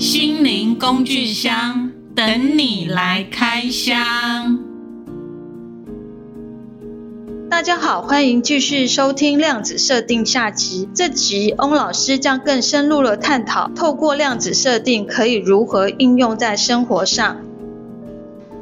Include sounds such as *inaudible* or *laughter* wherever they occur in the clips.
心靈工具箱等你來開箱。大家好，歡迎繼續收聽量子設定下集。這集翁老師將更深入的探討，透過量子設定可以如何應用在生活上。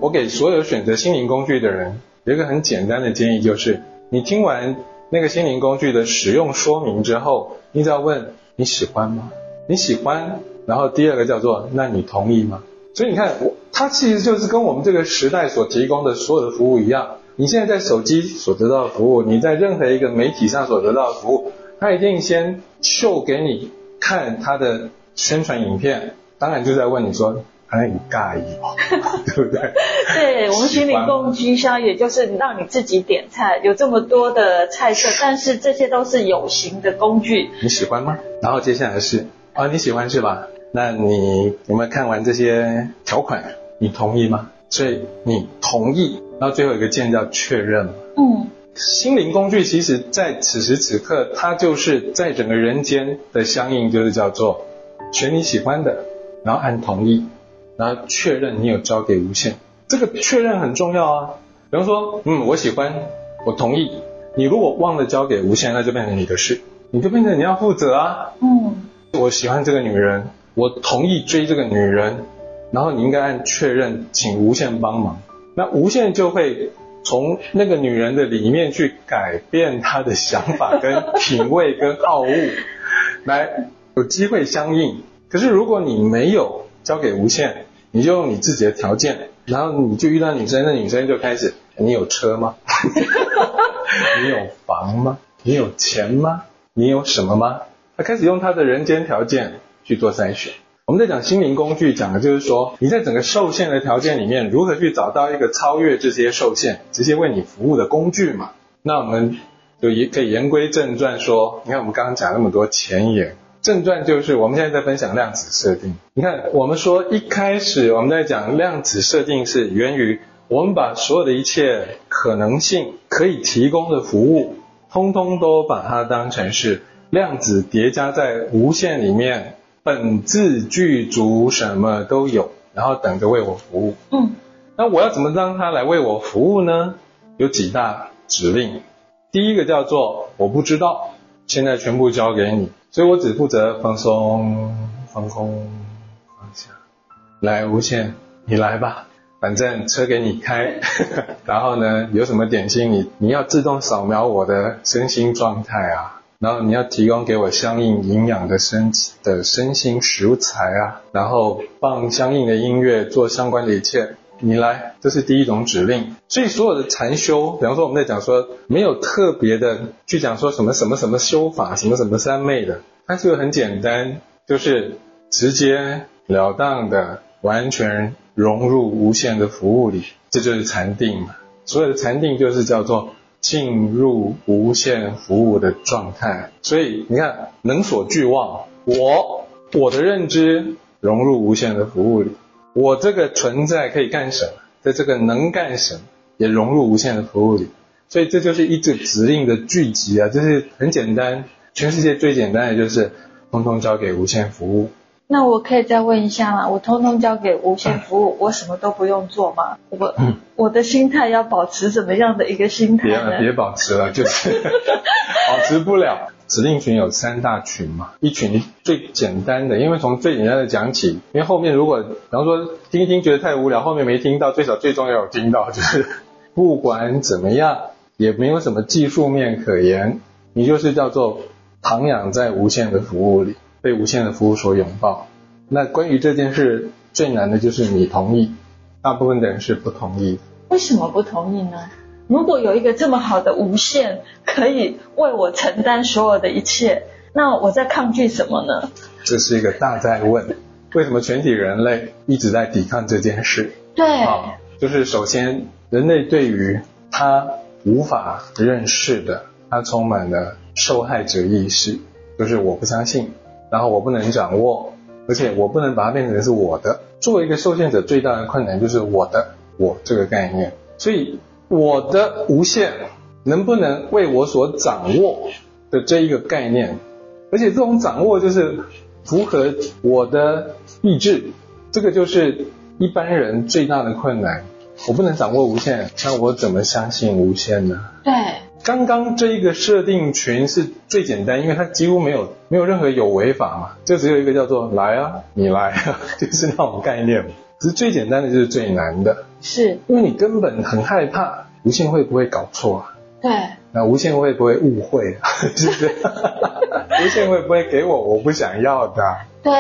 我給所有選擇心靈工具的人有一個很簡單的建議，就是你聽完那個心靈工具的使用說明之後，你就要問：你喜歡嗎？你喜歡？然後第二個叫做，那你同意嗎？所以你看，我它其實就是跟我們這個時代所提供的所有的服務一樣。你現在在手機所得到的服務，你在任何一個媒體上所得到的服務，它一定先秀給你看它的宣傳影片，當然就在問你說，很、哎、尬意吧，對不對？ *laughs* 對，我們心靈共居箱心靈工具箱也就是讓你自己點菜，有這麼多的菜色，但是這些都是有形的工具。 *laughs* 你喜歡嗎？然後接下來是啊、哦，你喜歡是吧？那你有沒有看完這些條款？你同意嗎？所以你同意，然後最後一個鍵叫確認。嗯，心靈工具其實在此時此刻，它就是在整個人間的相應，就是叫做選你喜歡的，然後按同意，然後確認你有交給無限。這個確認很重要啊。比方說，嗯，我喜歡，我同意。你如果忘了交給無限，那就變成你的事，你就變成你要負責啊。嗯，我喜歡這個女人。我同意追這個女人，然後你應該按確認，請無限幫忙。那無限就會從那個女人的裡面去改變她的想法、跟品味、跟傲物， *laughs* 來有機會相應。可是如果你沒有交給無限，你就用你自己的條件，然後你就遇到女生，那女生就開始：你有車嗎？ *laughs* 你有房嗎？你有錢嗎？你有什麼嗎？她開始用她的人間條件。去做篩選。我們在講心靈工具，講的就是說，你在整個受限的條件裡面，如何去找到一個超越這些受限、直接為你服務的工具嘛？那我們就也可以言歸正傳說，你看我們剛剛講那麼多前言，正傳就是我們現在在分享量子設定。你看，我們說一開始我們在講量子設定是源於我們把所有的一切可能性可以提供的服務，通通都把它當成是量子疊加在無限裡面。本自具足，什麼都有，然後等着為我服務。嗯，那我要怎麼讓他來為我服務呢？有幾大指令，第一個叫做我不知道，現在全部交給你，所以我只負責放鬆、放空、放下，來無限，你來吧，反正車給你開。 *laughs* 然後呢，有什麼點心，你你要自動掃描我的身心狀態啊。然後你要提供給我相應營養的身的身心食材啊，然後放相應的音樂，做相關的一切，你來，這是第一種指令。所以所有的禪修，比方說我們在講說，沒有特別的去講說什麼什麼什麼修法，什麼什麼三昧的，它就很簡單，就是直接了當的完全融入無限的服務裡，這就是禪定嘛。所有的禪定就是叫做。進入無限服務的狀態，所以你看，能所俱忘，我我的認知融入無限的服務裡，我這個存在可以幹什麼，在這個能幹什麼也融入無限的服務裡，所以這就是一組指令的聚集啊，就是很簡單，全世界最簡單的就是，通通交給無限服務。那我可以再問一下嗎？我通通交給無限服務，嗯、我什麼都不用做嗎？我、嗯、我的心態要保持怎麼樣的一個心態？別了別保持了，就是保持不了。 *laughs* 指令群有三大群嘛，一群最簡單的，因為從最簡單的講起，因為後面如果，比方說聽一聽覺得太無聊，後面沒聽到，最少最終要有聽到，就是不管怎麼樣，也沒有什麼技術面可言，你就是叫做徜徉在無限的服務裡。被無限的服務所擁抱。那關於這件事最難的就是你同意，大部分的人是不同意。為什麼不同意呢？如果有一個這麼好的無限可以為我承擔所有的一切，那我在抗拒什麼呢？這是一個大哉問：為什麼全體人類一直在抵抗這件事？對、啊，就是首先人類對於他無法認識的，他充滿了受害者意識，就是我不相信。然後我不能掌握，而且我不能把它變成是我的。作為一個受限者，最大的困難就是我的“我”這個概念。所以，我的無限能不能為我所掌握的這一個概念，而且這種掌握就是符合我的意志，這個就是一般人最大的困難。我不能掌握無限，那我怎麼相信無限呢？對。剛剛這一個設定群是最簡單，因為它幾乎沒有沒有任何有違法嘛，就只有一個叫做來啊，你來啊，就是那種概念嘛。其實最簡單的就是最難的，是因為你根本很害怕無限會不會搞錯啊？對，那無限會不會誤會？是不是？ *laughs* 無限會不會給我我不想要的？對，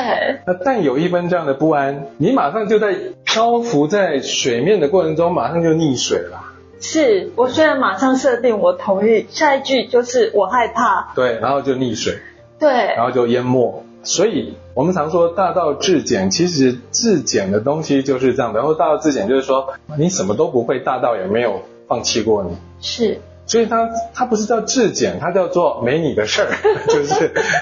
那但有一分這樣的不安，你馬上就在漂浮在水面的過程中，馬上就溺水了。是我雖然馬上設定我同意，下一句就是我害怕。對，然後就溺水。對，然後就淹沒。所以我們常說大道至簡，其實至簡的東西就是這樣的。然後大道至簡就是說你什麼都不會，大道也沒有放棄過你。是。所以它它不是叫至簡，它叫做沒你的事兒。就是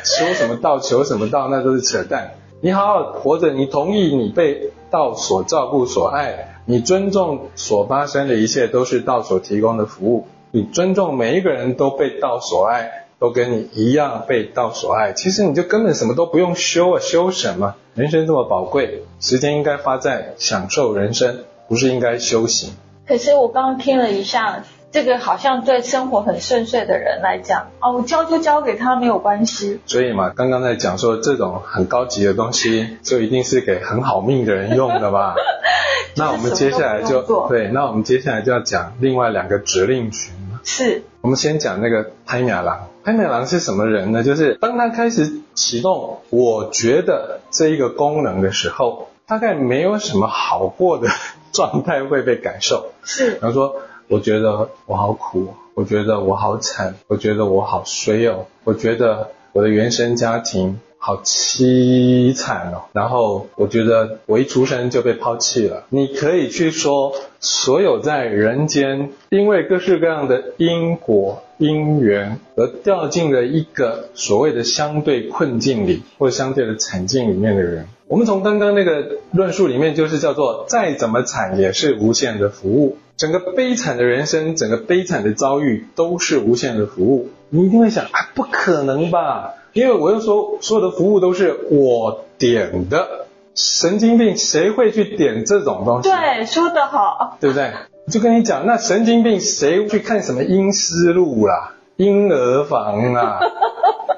說什麼道求什麼道，那都是扯淡。你好好活着，你同意你被道所照顧所愛，你尊重所發生的一切都是道所提供的服務，你尊重每一個人都被道所愛，都跟你一樣被道所愛。其實你就根本什麼都不用修啊，修什麼？人生這麼寶貴，時間應該花在享受人生，不是應該修行？可是我剛剛聽了一下。這個好像對生活很順遂的人來講，哦，我交就交給他沒有關係。所以嘛，剛剛在講說這種很高級的東西，就一定是給很好命的人用的吧？ *laughs* 那我們接下來就，就對，那我們接下來就要講另外兩個指令群。是，我們先講那個拍雅郎。拍雅郎是什麼人呢？就是當他開始啟動，我覺得這一個功能的時候，大概沒有什麼好過的狀態會被感受。是，然後說。我覺得我好苦，我覺得我好慘，我覺得我好衰哦，我覺得我的原生家庭好淒慘哦。然後我覺得我一出生就被拋棄了。你可以去說，所有在人間因為各式各樣的因果因緣而掉進了一個所謂的相對困境裡，或者相對的慘境裡面的人。我們從剛剛那個論述裡面，就是叫做再怎麼慘也是無限的服務，整個悲慘的人生，整個悲慘的遭遇都是無限的服務。你一定會想啊，不可能吧？因為我又說所有的服務都是我點的，神經病誰會去點這種東西、啊？對，說得好，對不對？就跟你講，那神經病誰會去看什麼陰屍路啦、啊、嬰兒房啊、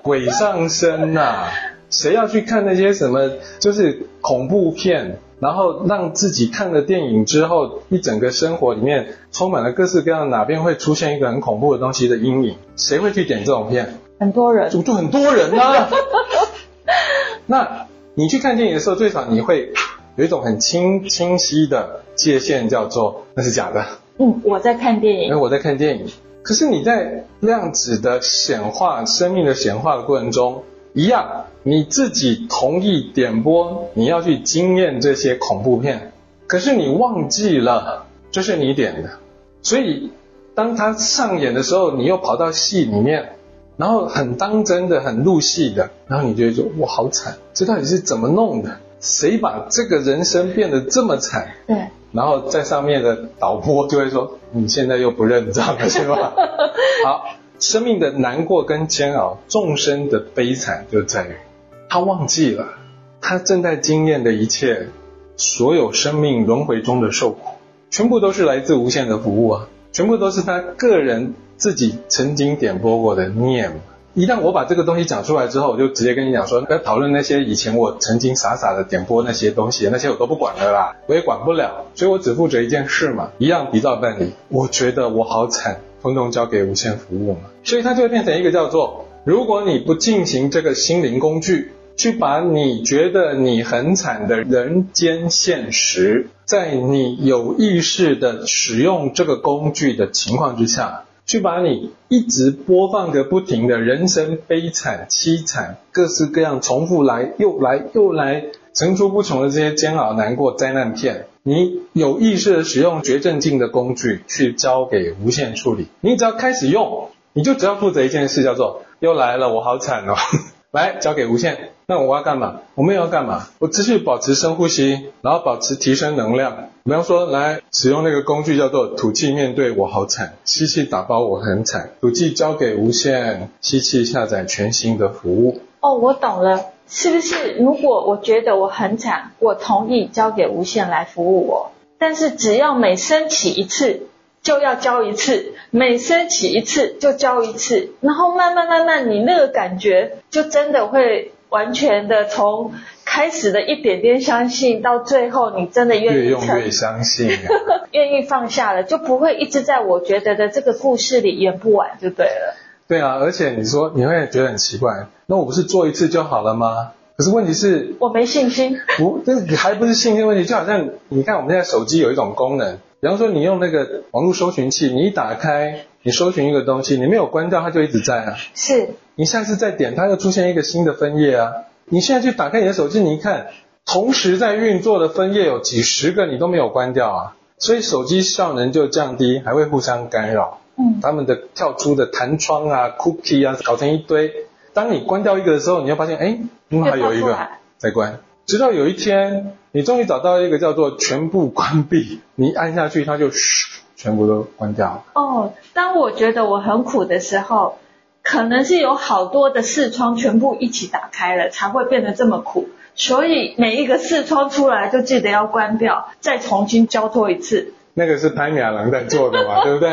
鬼上身吶、啊？誰要去看那些什麼就是恐怖片，然後讓自己看了電影之後，一整個生活裡面充滿了各式各樣的，哪邊會出現一個很恐怖的東西的陰影？誰會去點這種片？很多人，就就很多人呢、啊。 *laughs* 那你去看電影的時候，最少你會有一種很清清晰的界限，叫做那是假的。嗯，我在看電影。哎，我在看電影。可是你在量子的顯化、生命的顯化的過程中。一樣，你自己同意點播，你要去經驗這些恐怖片，可是你忘記了這是你點的，所以當他上演的時候，你又跑到戲裡面，然後很當真的，很入戲的，然後你就會說，哇，好慘，這到底是怎麼弄的？誰把這個人生變得這麼慘？對，然後在上面的導播就會說，你現在又不認賬了，是吧？好。生命的難過跟煎熬，眾生的悲慘就在於他忘記了，他正在經驗的一切，所有生命輪回中的受苦，全部都是來自無限的服務啊，全部都是他個人自己曾經點播過的念。一旦我把這個東西講出來之後，我就直接跟你講說，要討論那些以前我曾經傻傻的點播那些東西，那些我都不管了啦，我也管不了，所以我只負責一件事嘛，一樣比照辦理。我覺得我好慘。統統交給無限服務嘛，所以它就會變成一個叫做：如果你不進行這個心靈工具，去把你覺得你很慘的人間現實，在你有意識地使用這個工具的情況之下，去把你一直播放個不停的人生悲慘、淒慘、各式各樣、重複來又來又來、層出不窮的這些煎熬、難過、災難片。你有意識地使用覺正淨的工具去交給無限處理。你只要開始用，你就只要負責一件事，叫做又來了，我好慘哦， *laughs* 來交給無限。那我要幹嘛？我沒有要幹嘛？我持續保持深呼吸，然後保持提升能量。比方說，來使用那個工具叫做吐氣面對我好慘，吸氣，氣打包我很慘，吐氣交給無限，吸氣，氣下載全新的服務。哦，我懂了。是不是如果我覺得我很慘，我同意交給無限來服務我，但是只要每升起一次就要交一次，每升起一次就交一次，然後慢慢慢慢，你那個感覺就真的會完全的從開始的一點點相信，到最後你真的願意越用越相信，啊， *laughs* 願意放下了，就不會一直在我覺得的這個故事裡演不完就對了。對啊，而且你說你會覺得很奇怪，那我不是做一次就好了嗎？可是問題是，我沒信心。不，這還不是信心問題，就好像你看我們現在手機有一種功能，比方說你用那個網絡搜尋器，你一打開，你搜尋一個東西，你沒有關掉，它就一直在啊。是。你下次再點，它又出現一個新的分頁啊。你現在去打開你的手機，你一看，同時在運作的分頁有幾十個，你都沒有關掉啊。所以手機效能就降低，還會互相干擾。嗯、他們的跳出的彈窗啊、嗯、，cookie 啊，搞成一堆。當你關掉一個的時候，你會發現，哎、欸，另外還有一個在關，直到有一天你終於找到一個叫做“全部關閉”，你按下去，它就噓，全部都關掉了。哦，當我覺得我很苦的時候，可能是有好多的視窗全部一起打開了，才會變得這麼苦。所以每一個視窗出來，就記得要關掉，再重新交托一次。 *laughs* 那個是潘雅朗在做的嘛， *laughs* 對不對？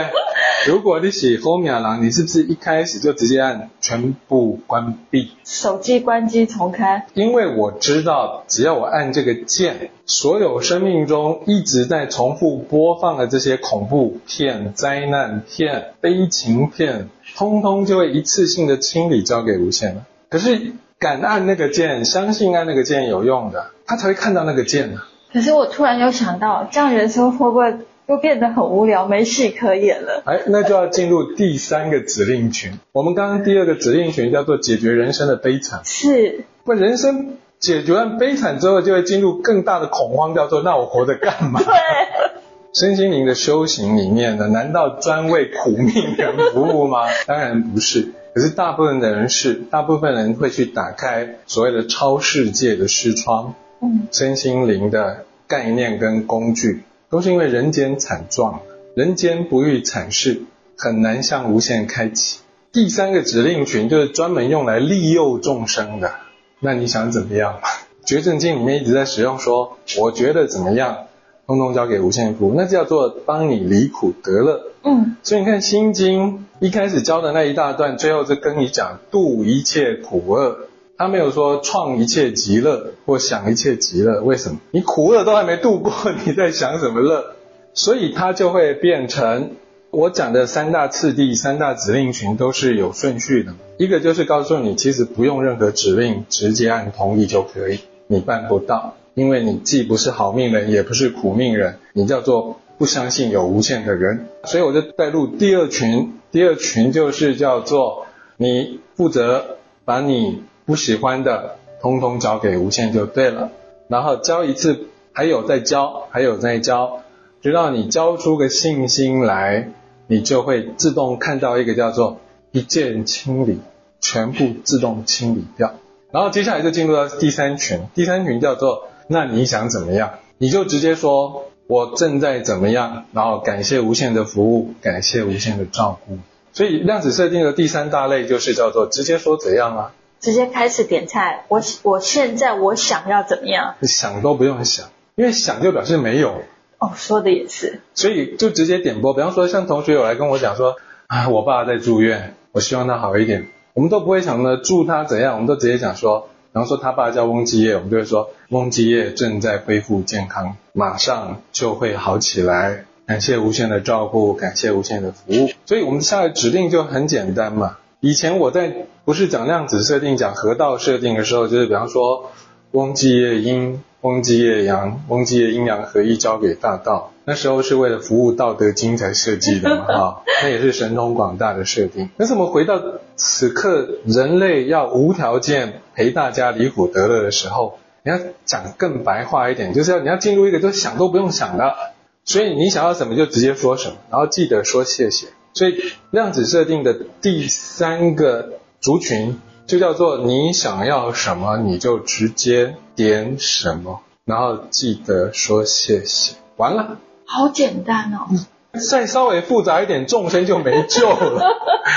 如果你喜歡《荒野狼》，你是不是一開始就直接按全部關閉？手機關機重開。因為我知道，只要我按這個鍵，所有生命中一直在重複播放的這些恐怖片、災難片、悲情片，通通就會一次性的清理交給無限了。可是敢按那個鍵，相信按那個鍵有用的，他才會看到那個鍵呢。可是我突然又想到，這樣人生會不會？都變得很無聊，沒戲可演了。哎，那就要進入第三個指令群。 *laughs* 我們剛剛第二個指令群叫做解決人生的悲慘。是。不，人生解決完悲慘之後，就會進入更大的恐慌，叫做“那我活着幹嘛？” *laughs* 對。身心靈的修行裡面呢，難道專為苦命人服務嗎？ *laughs* 當然不是。可是大部分的人是，大部分人會去打開所謂的超世界的視窗。嗯。身心靈的概念跟工具。都是因為人間慘狀，人間不遇慘事，很難向無限開啟。第三個指令群就是專門用來利誘眾生的。那你想怎麼樣？《覺證經》裡面一直在使用說，我覺得怎麼樣，通通交給無限苦，那叫做幫你離苦得樂。嗯，所以你看《心經》一開始教的那一大段，最後是跟你講度一切苦厄。他沒有說創一切極樂或想一切極樂，為什麼？你苦了都還沒度過，你在想什麼樂？所以它就會變成我講的三大次第、三大指令群都是有順序的。一個就是告訴你，其實不用任何指令，直接按同意就可以。你辦不到，因為你既不是好命人，也不是苦命人，你叫做不相信有無限的人。所以我就帶入第二群，第二群就是叫做你負責把你。不喜歡的，通通交給無限就對了。然後交一次，還有再交，還有再交，直到你交出個信心來，你就會自動看到一個叫做一鍵清理，全部自動清理掉。然後接下來就進入到第三群，第三群叫做那你想怎麼樣，你就直接說我正在怎麼樣，然後感謝無限的服務，感謝無限的照顧。所以量子設定的第三大類就是叫做直接說怎樣啊。直接開始點菜，我我現在我想要怎麼樣？你想都不用想，因為想就表示沒有。哦，說的也是，所以就直接點播。比方說，像同學有來跟我講說，啊，我爸爸在住院，我希望他好一點。我們都不會想著，祝他怎樣，我們都直接講說，然後說他爸叫翁基業，我們就會說，翁基業正在恢復健康，馬上就會好起來。感謝無限的照顧，感謝無限的服務。所以，我們下的指令就很簡單嘛。以前我在，不是講量子設定，講河道設定的時候，就是比方說，翁基葉陰，翁基葉陽，翁基葉陰陽合一交給大道。那時候是為了服務《道德經》才設計的嘛，哈、哦，那也是神通廣大的設定。那怎麼回到此刻人類要無條件陪大家離苦得樂的時候？你要講更白話一點，就是要你要進入一個，就想都不用想的。所以你想要什麼就直接說什麼，然後記得說謝謝。所以量子設定的第三個。族群就叫做你想要什麼，你就直接點什麼，然後記得說謝謝。完了，好簡單哦。再稍微複雜一點，眾生就沒救了，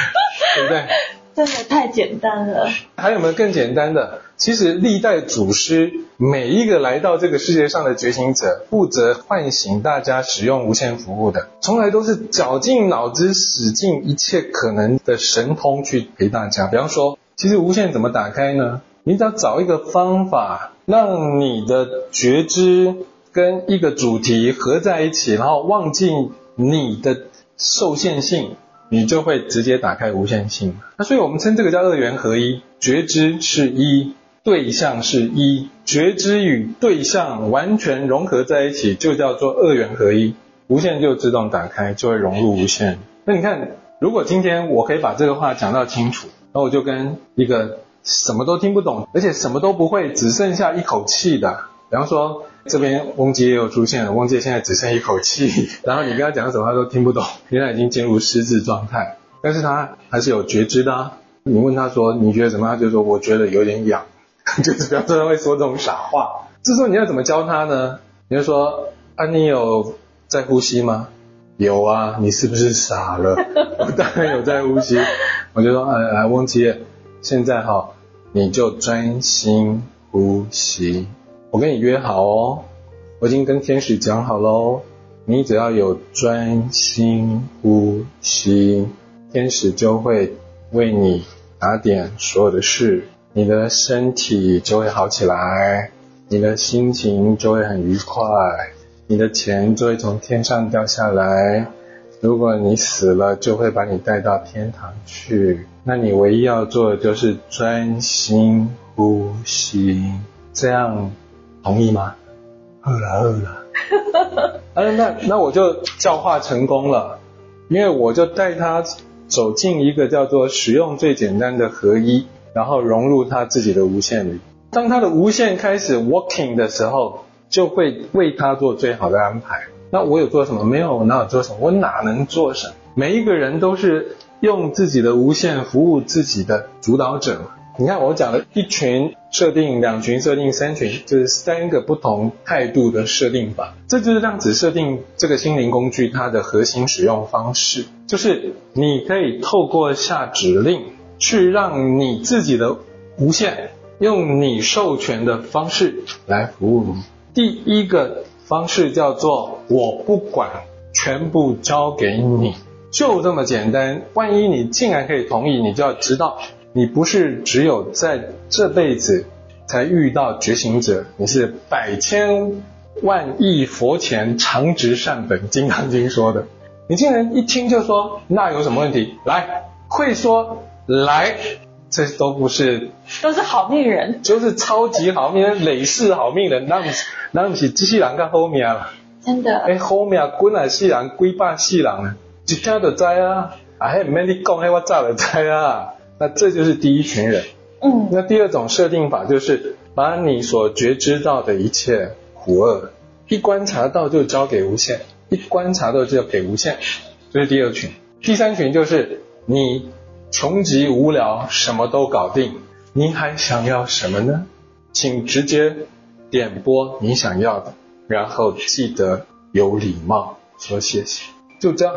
*laughs* 對不對？真的太簡單了。還有沒有更簡單的？其實歷代祖師，每一個來到這個世界上的覺醒者，負責喚醒大家使用無限服務的，從來都是絞盡腦汁、使盡一切可能的神通去陪大家。比方說，其實無限怎麼打開呢？你只要找一個方法，讓你的覺知跟一個主題合在一起，然後忘記你的受限性，你就會直接打開無限性。那所以我們稱這個叫二元合一，覺知是一，對象是一，覺知與對象完全融合在一起，就叫做二元合一，無限就自動打開，就會融入無限。嘿嘿。那你看，如果今天我可以把這個話講到清楚，那我就跟一個什麼都聽不懂，而且什麼都不會，只剩下一口氣的，比方說這邊翁吉也有出現了，翁吉現在只剩一口氣，然後你跟他講什麼他都聽不懂，原來已經進入失智狀態，但是他還是有覺知的啊。你問他說你覺得什麼，他就說我覺得有點癢。 *laughs* 就表示會說這種傻話。這時候你要怎麼教他呢？你就說：“啊，你有在呼吸嗎？”“有啊。”“你是不是傻了？”“我當然有在呼吸。” *laughs* 我就說：“啊、哎，啊，忘記，現在哈，你就專心呼吸。我跟你約好哦，我已經跟天使講好嘍、哦。你只要有專心呼吸，天使就會為你打點所有的事。”你的身體就會好起來，你的心情就會很愉快，你的錢就會從天上掉下來。如果你死了，就會把你帶到天堂去。那你唯一要做的就是專心呼吸。這樣，同意嗎？餓了，餓了、 *laughs* 啊。那那我就教化成功了，因為我就帶他走進一個叫做“使用最簡單的合一”。然後融入他自己的無限裡。當他的無限開始 working 的時候，就會為他做最好的安排。那我有做什麼？沒有，我哪有做什麼？我哪能做什麼？每一個人都是用自己的無限服務自己的主導者。你看我講的一群設定，兩群設定，三群，就是三個不同態度的設定法。這就是量子設定這個心靈工具它的核心使用方式，就是你可以透過下指令。去讓你自己的無限，用你授權的方式來服務你。第一個方式叫做“我不管”，全部交給你，就這麼簡單。萬一你竟然可以同意，你就要知道，你不是只有在這輩子才遇到覺醒者，你是百千萬億佛前常值善本《金剛經》說的。你竟然一聽就說，那有什麼問題？來，會說。來，這都不是，都是好命人，就是超級好命人，對累世好命人，那那 *laughs* 是那是幾世人噶好命啊？真的，哎，好啊，滾來是狼，鬼把死人，一聽就知啊，啊，嘿，唔免你講，嘿，我早就知啊，那這就是第一群人，嗯，那第二種設定法就是把你所覺知到的一切苦厄，一觀察到就交給無限，一觀察到就要給無限，這就是第二群，第三群就是你。窮極無聊，什麼都搞定，你還想要什麼呢？請直接點播你想要的，然後記得有禮貌說謝謝，就這樣。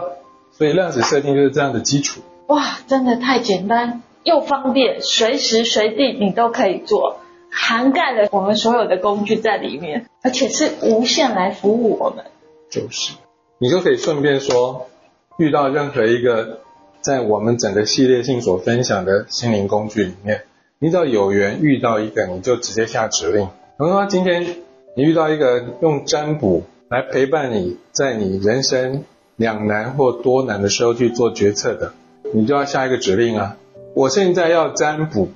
所以量子設定就是這樣的基礎。哇，真的太簡單又方便，隨時隨地你都可以做，涵蓋了我們所有的工具在裡面，而且是無限來服務我們。就是，你就可以順便說，遇到任何一個。在我們整個系列性所分享的心靈工具裡面，你只要有緣遇到一個，你就直接下指令。比方說今天你遇到一個用占卜來陪伴你，在你人生兩難或多難的時候去做決策的，你就要下一個指令啊！我現在要占卜，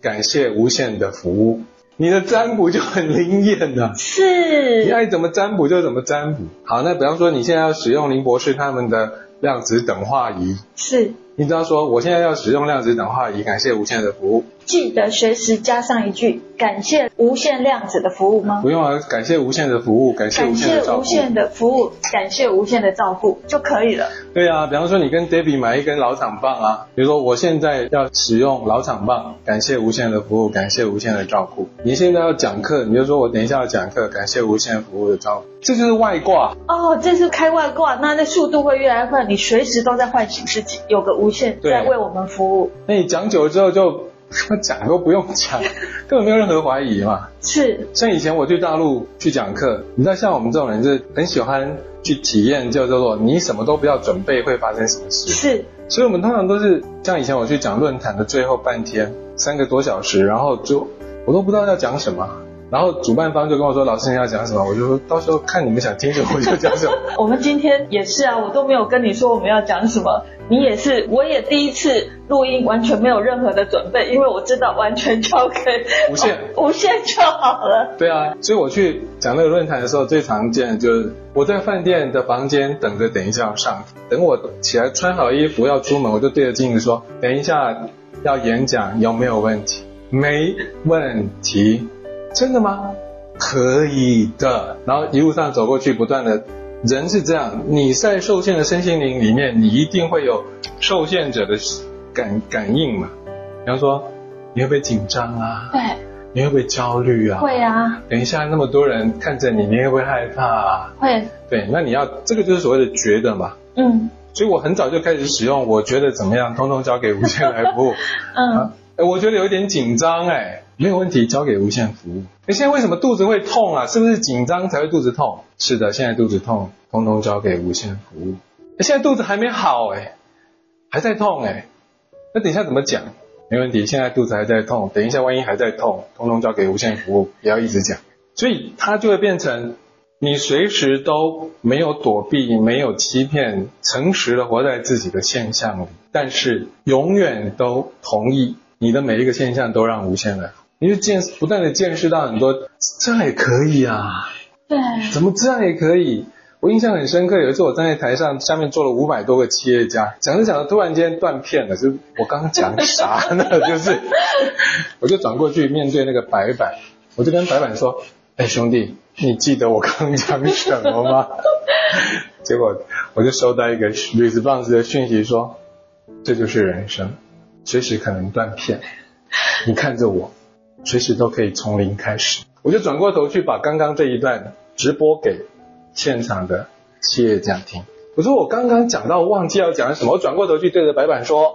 感謝無限的服務，你的占卜就很靈驗了。是，你愛怎麼占卜就怎麼占卜。好，那比方說你現在要使用林博士他們的。量子等化儀是，你只要說，我現在要使用量子等化儀，感謝無限的服務。記得隨時加上一句感謝無限量子的服務嗎？不用啊，感謝無限的服務，感謝無限的，無限的服務，感謝無限的照顧就可以了。對啊，比方說你跟 Debbie 買一根老廠棒啊，比如說我現在要使用老廠棒，感謝無限的服務，感謝無限的照顧。你現在要講課，你就說我等一下要講課，感謝無限服務的照顧，這就是外掛。哦，這是開外掛，那那速度會越來越快，你隨時都在喚醒自己，有個無限在為我們服務。啊，那你講久了之後就。講，我講都不用講，根本沒有任何懷疑嘛。是。像以前我去大陸去講課，你知道，像我們這種人就是很喜歡去體驗，就叫做你什麼都不要準備會發生什麼事。是。所以我們通常都是像以前我去講論壇的最後半天，三個多小時，然後就，我都不知道要講什麼。然後主辦方就跟我說：“老師，你要講什麼？”我就說，到時候看你們想聽什麼，我就講什麼。我們今天也是啊，我都沒有跟你說我們要講什麼，你也是，我也第一次錄音，完全沒有任何的準備，因為我知道完全交給無限限、哦、無限就好了。對啊，所以我去講那個論壇的時候，最常見的就是我在飯店的房間等着，等一下要上。等我起來穿好衣服要出門，我就對着鏡子說：“等一下要演講，有沒有問題？”“沒問題。”真的嗎？嗯、可以的。然後一路上走過去，不斷的人是這樣。你在受限的身心靈裡面，你一定會有受限者的感感應嘛？比方說，你會不會緊張啊？對。你會不會焦慮啊？會啊。等一下那麼多人看着你，你會不會害怕、啊？會。對，那你要這個就是所謂的覺得嘛。嗯。所以我很早就開始使用，我覺得怎麼樣，通通交給無限來服務。 *laughs* 嗯、啊。我覺得有點緊張哎、欸。沒有問題，交給無限服務。哎，現在為什麼肚子會痛啊？是不是緊張才會肚子痛？是的，現在肚子痛，通通交給無限服務。哎，現在肚子還沒好哎，還在痛哎，那等一下怎麼講？沒問題，現在肚子還在痛，等一下萬一還在痛，通通交給無限服務，不要一直講。所以它就會變成，你隨時都沒有躲避，沒有欺騙，誠實的活在自己的現象裡，但是永遠都同意你的每一個現象都讓無限的。你就見不斷的見識到很多，這樣也可以啊？對。怎麼這樣也可以？我印象很深刻，有一次我站在台上，下面坐了五百多個企業家，講着講着突然間斷片了，就我剛剛講啥呢？就是，我就轉過去面對那個白板，我就跟白板說：“哎，兄弟，你記得我剛講什麼嗎？”結果我就收到一個 response 的訊息說：“這就是人生，隨時可能斷片，你看着我。”隨時都可以從零開始，我就轉過頭去把剛剛這一段直播給現場的企業家聽。我說我剛剛講到忘記要講什麼，我轉過頭去對着白板說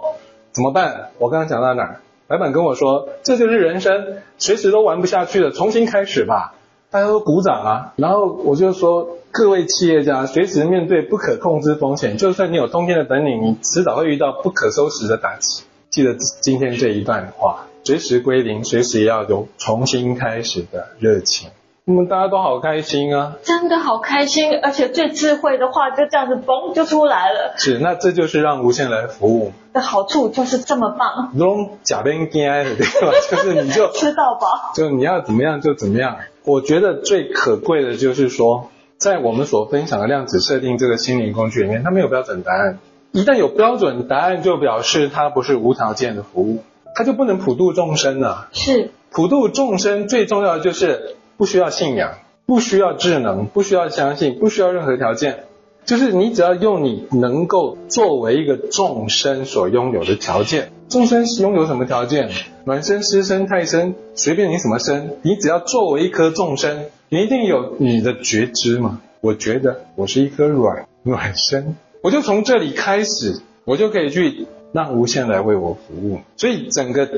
怎麼辦？我剛剛講到哪兒？白板跟我說這就是人生，隨時都玩不下去了，重新開始吧。大家都鼓掌啊。然後我就說各位企業家，隨時面對不可控制風險，就算你有通天的本領，你遲早會遇到不可收拾的打擊。記得今天這一段的話。隨時歸零，隨時要有重新開始的熱情。那麼大家都好開心啊，真的好開心，而且最智慧的話就這樣子嘣就出來了。是，那這就是讓無限來服務的好處，就是這麼棒。儂假變驚的對吧？就是你就知道吧， *laughs* 吃到飽，就你要怎麼樣就怎麼樣。我覺得最可貴的就是說，在我們所分享的量子設定這個心靈工具裡面，它沒有標準答案。一旦有標準答案，就表示它不是無條件的服務。他就不能普度眾生了，啊。是，普度眾生最重要的就是不需要信仰，不需要智能，不需要相信，不需要任何條件，就是你只要用你能夠作為一個眾生所擁有的條件。眾生是擁有什麼條件？卵生、濕生、胎生，隨便你什麼生。你只要作為一顆眾生，你一定有你的覺知嘛。我覺得我是一顆卵，卵生。我就從這裡開始，我就可以去。讓無限來為我服務，所以整個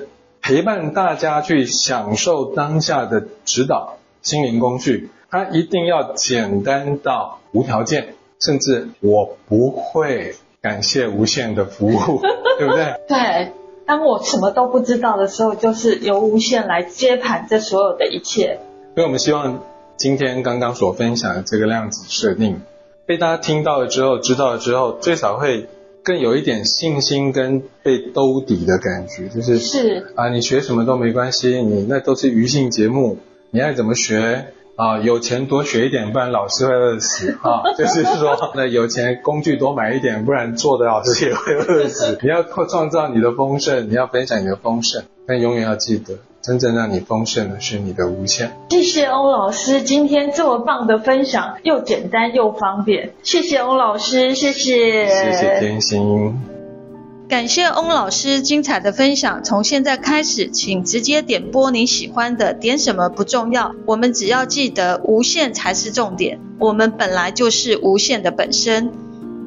陪伴大家去享受當下的指導，心靈工具它一定要簡單到無條件，甚至我不會感謝無限的服務，對不對？對，當我什麼都不知道的時候，就是由無限來接盤這所有的一切。所以我們希望今天剛剛所分享的這個量子設定，被大家聽到了之後，知道了之後，最少會。更有一點信心跟被兜底的感覺，就是是啊，你學什麼都沒關係，你那都是餘興節目，你愛怎麼學啊，有錢多學一點，不然老師會餓死啊。就是說，那有錢工具多買一點，不然做的老師也會餓死。 *laughs* 你要創造你的豐盛，你要分享你的豐盛，但永遠要記得。真正讓你豐盛的是你的無限。謝謝翁老師，今天這麼棒的分享，又簡單又方便。謝謝翁老師，謝謝，謝謝天心。感謝翁老師精彩的分享。從現在開始，請直接點播你喜歡的，點什麼不重要，我們只要記得無限才是重點。我們本來就是無限的本身。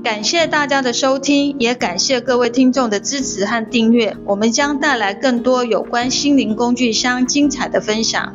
感謝大家的收聽，也感謝各位聽眾的支持和訂閱。我們將帶來更多有關心靈工具箱精彩的分享。